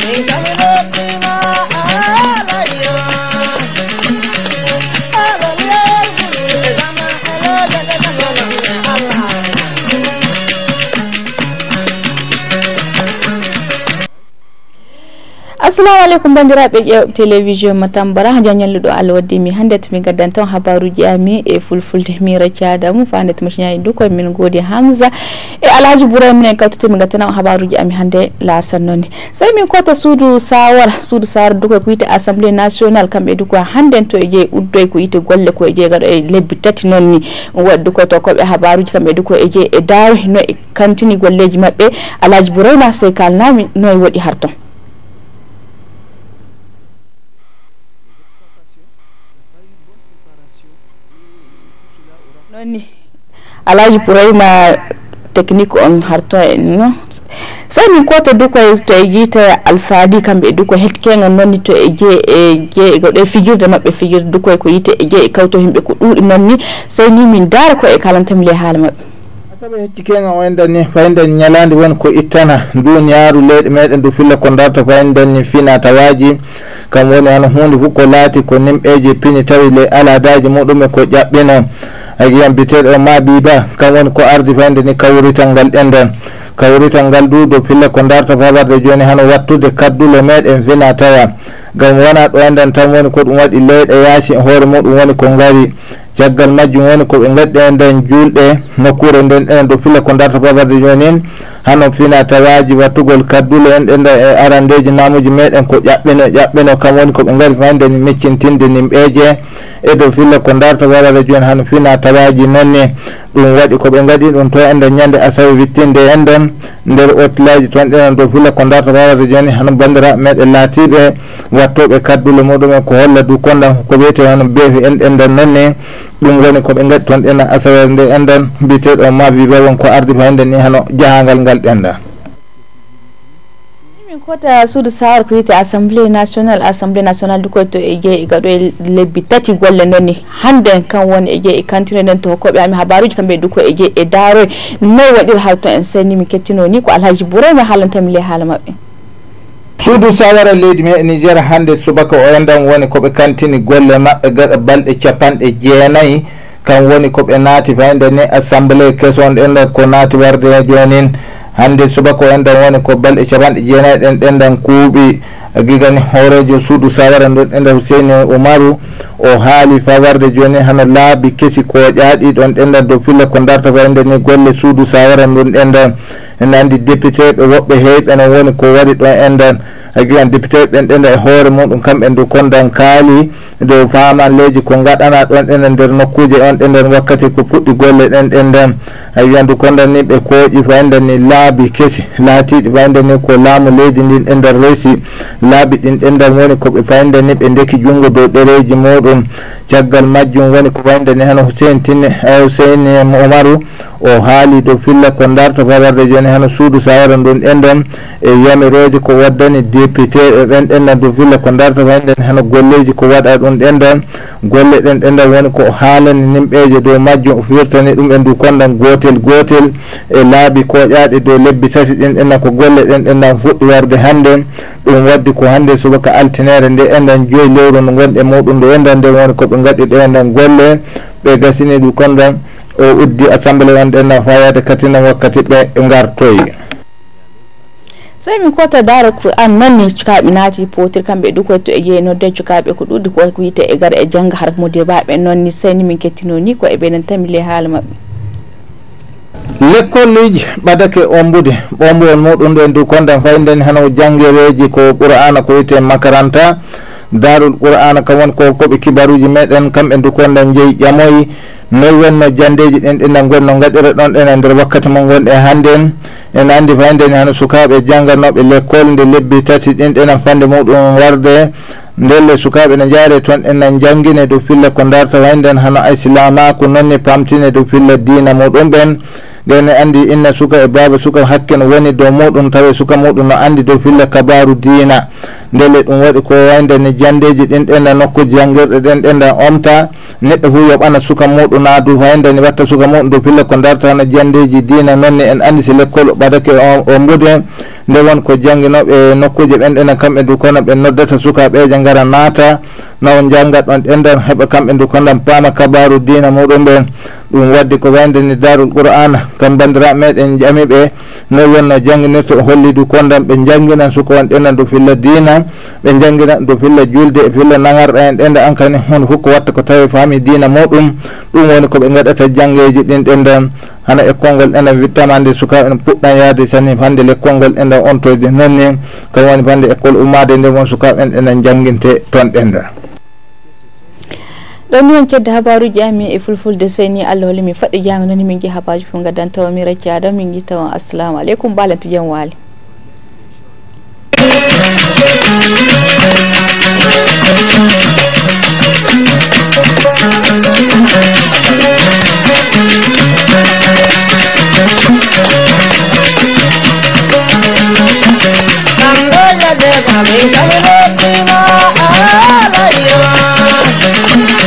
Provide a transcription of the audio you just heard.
Amém. assalamu aleykum bandiraɓe ƴew télévision matambara hade a ñallu ɗo allah waddimi hannde tomin gaddan tan habaruji ami e fulfulde mira thiadamu fa nde tomi toñaɗi ɗo koye min goodi hamsa e alhaji bouraminen kawta tomin gaddana o habaruji ami hannde laasannonde sai min kota suudu sawara suudu sawara du koye ko wiyte assemblé national kamɓe du koye hannden to e jeeyi uddoye ko wiyte golle koye jeeyi gaɗo e lebbi tati noon ni um waɗi du koye to koɓe habaruji kamɓe du koye e jeeyi e daawe no e kantini golleji maɓɓe alhaji bouraima sey kalnami no e woɗi harton ɗonni alaji pourayima technique on harto en no sai min kota dukoy e, to e jiita alfaadi kamɓe e dukoy het kenga noonni to e jee e jee e goɗo e figirde mabɓe figirde dukoy ko yiite e jee e kawto himɓe ko ɗuuɗi noonni sai ni min daara ko e kalantemle haala mabɓe sabu hecci kenga o endanni fayiden ñalandi won ko ittana ndu ñaaru leyɗe meɗen ɗo filla ko darta fayidenni fina tawaji kam woni hono hunde fof ko laati ko nimɓeji pini tawi le aladaji muɗum e ko ƴaɓɓina hagiyam biteɗo ma ɓiba kam woni ko ardi fande ni kawrital ngal ɗenden kawrital ngal du dow pille ko darta babarde joni hano wattude kaddule meɗen vina tawa gam wona ɗo enden tan woni ko ɗum waɗi leyɗe yaasi hoore muɗum woni ko gari caggal majjum woni koɓe gaɗɗe nden julɗe nokkure nden ɗen dow pille ko darta babarde joni hano fina tawaji wattugol kaddule en ɗen e arandeji namuji meɗen ko ƴaɓɓino ƴaɓɓino kam woni koɓe gaari fayde meccintinde nimɓeje e dow filla ko darta wara radio en hano fina tawaji nonni ɗum waɗi koɓe gaɗi ɗum to enɗen ñande asawi wittinde en ɗon nder otelaji ton ɗenen dow filla ko darta wara radio en hano bandira meɗen laatiɓe wattoɓe kaddule muɗumen ko holla du kondan ko wiyete hono befi en ɗen ɗon nonni ɗum woni ko ɓe gadi toon ɗenan asawere nde ma mbiyeteɗo mavibe ko ardi ma enden ni hano jahangal ngal ɗenɗa min kota suudu sahar ko wiyete assemblée national assemblée national du koyto e jeeyi gaɗo e lebbi tati golle ni hannden kan woni e jeeyi e kantine nden to hokkoɓe ami habaruji kamɓe du e duko e jeeyi e daaroy noyi waɗira hawto en seni min kettino ni ko alhaji bouraymi haalantami le haala maɓɓe suudu sawara leydi me niger hannde subaka oyandan woni ko ɓe kantini golle maɓɓe gaɗa balɗe capanɗe jeenayi kam woni ko ɓe naati fayde ni assemblé keson ɗenɗan ko naati warde e joonin hannde subaka oyandan woni ko balɗe capanɗe jeenayi ɗen ɗenɗan kuuɓi gigani hoorejo suudu sawara ɗo ɗenɗa huseine oumaru o haali fawarde joni hana laabi kesi koƴaɗi ɗon ɗendan dow filla ko darta ko ende ni golle suudu sawara ɗon ɗendan ene andi député ɓe woɓɓe heyɓe ene woni ko waɗi ɗon ɗendan hagilan e député ɓen ɗene e hoore muɗum kamɓe ndu kondon kaali dow famanleji ko gaɗana ɗon ɗene nder nokkuji on ɗe nder wakkati ko puɗɗi golle ɗen ɗen nden hagila ndu kondanni ɓe kooƴi fayde ni laabi kesi laatiɗi fayde ni ko laamu leydi ndin ɗe nder resi laabi ɗin ɗe nder woni koɓe fayde ni ɓe deki junngo dow ɗereji muɗum caggal majjum woni ko fayde ni hano husein tine husein omaru o haali dow filla ko darto fawarde joni hano suudu sawara ndun ɗen nden e yamiroje ko waddani député ɓen ɗenɗan ɗo villa ko darta ta nden hena golleji ko waɗa ɗum ɗenɗan golle ɗen ɗenɗan woni ko haalani nimɓeje dow majjum o firtani ɗum e ndu kondan gotel gotel e laabi koƴaɗe dow lebbi tati ɗen ɗenɗan ko golle ɗen ɗenɗan fuɗɗi warde hannde ɗum waddi ko hannde subaka altinere nde enɗan joyi lewru nde gonɗe muɗum nde enɗan nde woni koɓe gaɗi ɗe enɗan golle ɓe gasini ɗu kondan o uddi assemblé wonɗenɗan fayade katina wakkati ɓe gartoye sey min kota daara qur'an manni cukaaɓe naati potir kamɓe ɗu koyto e yeey nodde cukaaɓe ko ɗuɗi ko wiyte e gara e jannga hara modir baaɓe noon ni sayni min kettino ni ko e ɓeenen tamile haala maɓɓe l'école uji ɓadake ombude ɓomboon muɗum ɗe ndu kondan fayndeni hano janngereeji ko qur'ana ko wiyte macaranta daarul qur'ana kam woni ko koɓe kibaruji meɗen kamɓe ndu kondan jeeyi ƴamoyi noy wonno jandeji ɗen ɗenna gonno gaɗira ɗon ɗen e nder wakkati mo gonɗe hannden en andi fayndeni hano sukaɓe jangganoɓe lekkole nde lebbi tati ɗin ɗena fande muɗum warde ndelle sukaɓe ne jaare toon ena jangguine dow filla ko darta fayden hano aislamako nonni pamtine dow filla dina muɗum ɓen ɗene andi inna suka e baba suka hakkeno woni dow muɗum tawa suka muɗum no andi dow filla kabaru dina ndelle ɗum waɗi ko wayndeni jandeji ɗin ɗena nokku jangirɗe ɗen ɗenda omta neɗɗo fof yo ɓana suka muɗum naadu haydani watta suka muɗum do pille ko dartana jandeji diina noon ni en andi si lekkol ɓadake o mbudi hen nde wonko jangguinoɓe nokkuji ɓenɗene kamɓe dukono ɓe noddata sukaɓeje gara naata no jangga ɗon ɗenɗon heeɓa kamɓe dukonɗon paama kabaru dina muɗum ɓe ɗum waddi ko wendeni darul qur'an kam bandira meɗen jamiɓe no wonno jangguinirto holli dukonɗon ɓe janggina suka on ɗenɗon du filla dina ɓe janggina du filla julde e filla nagarɗa en ɗenɗa ankani hunde hukko watta ko tawi faami dina muɗum ɗum woni koɓe gaɗata jangguji ɗin ɗenɗon hana ekkol ngol ene wittama hande sukaɓe ene puɗɗan yaade sani hande lekkol ngol ene ontoyde noon ni kañum woni hande école ummade nde won sukaɓe en ene jangguinte toon ɓenda ɗon ni on kedde habaruji ami e fulfulde seni allah holi min faɗɗi jaami noni min jii habaji fo gaddan tawa min racci adam min jii tawa assalamu aleykum balanto jaam waali Thank you. నీ కవిలో ప్రేమ ఆలయం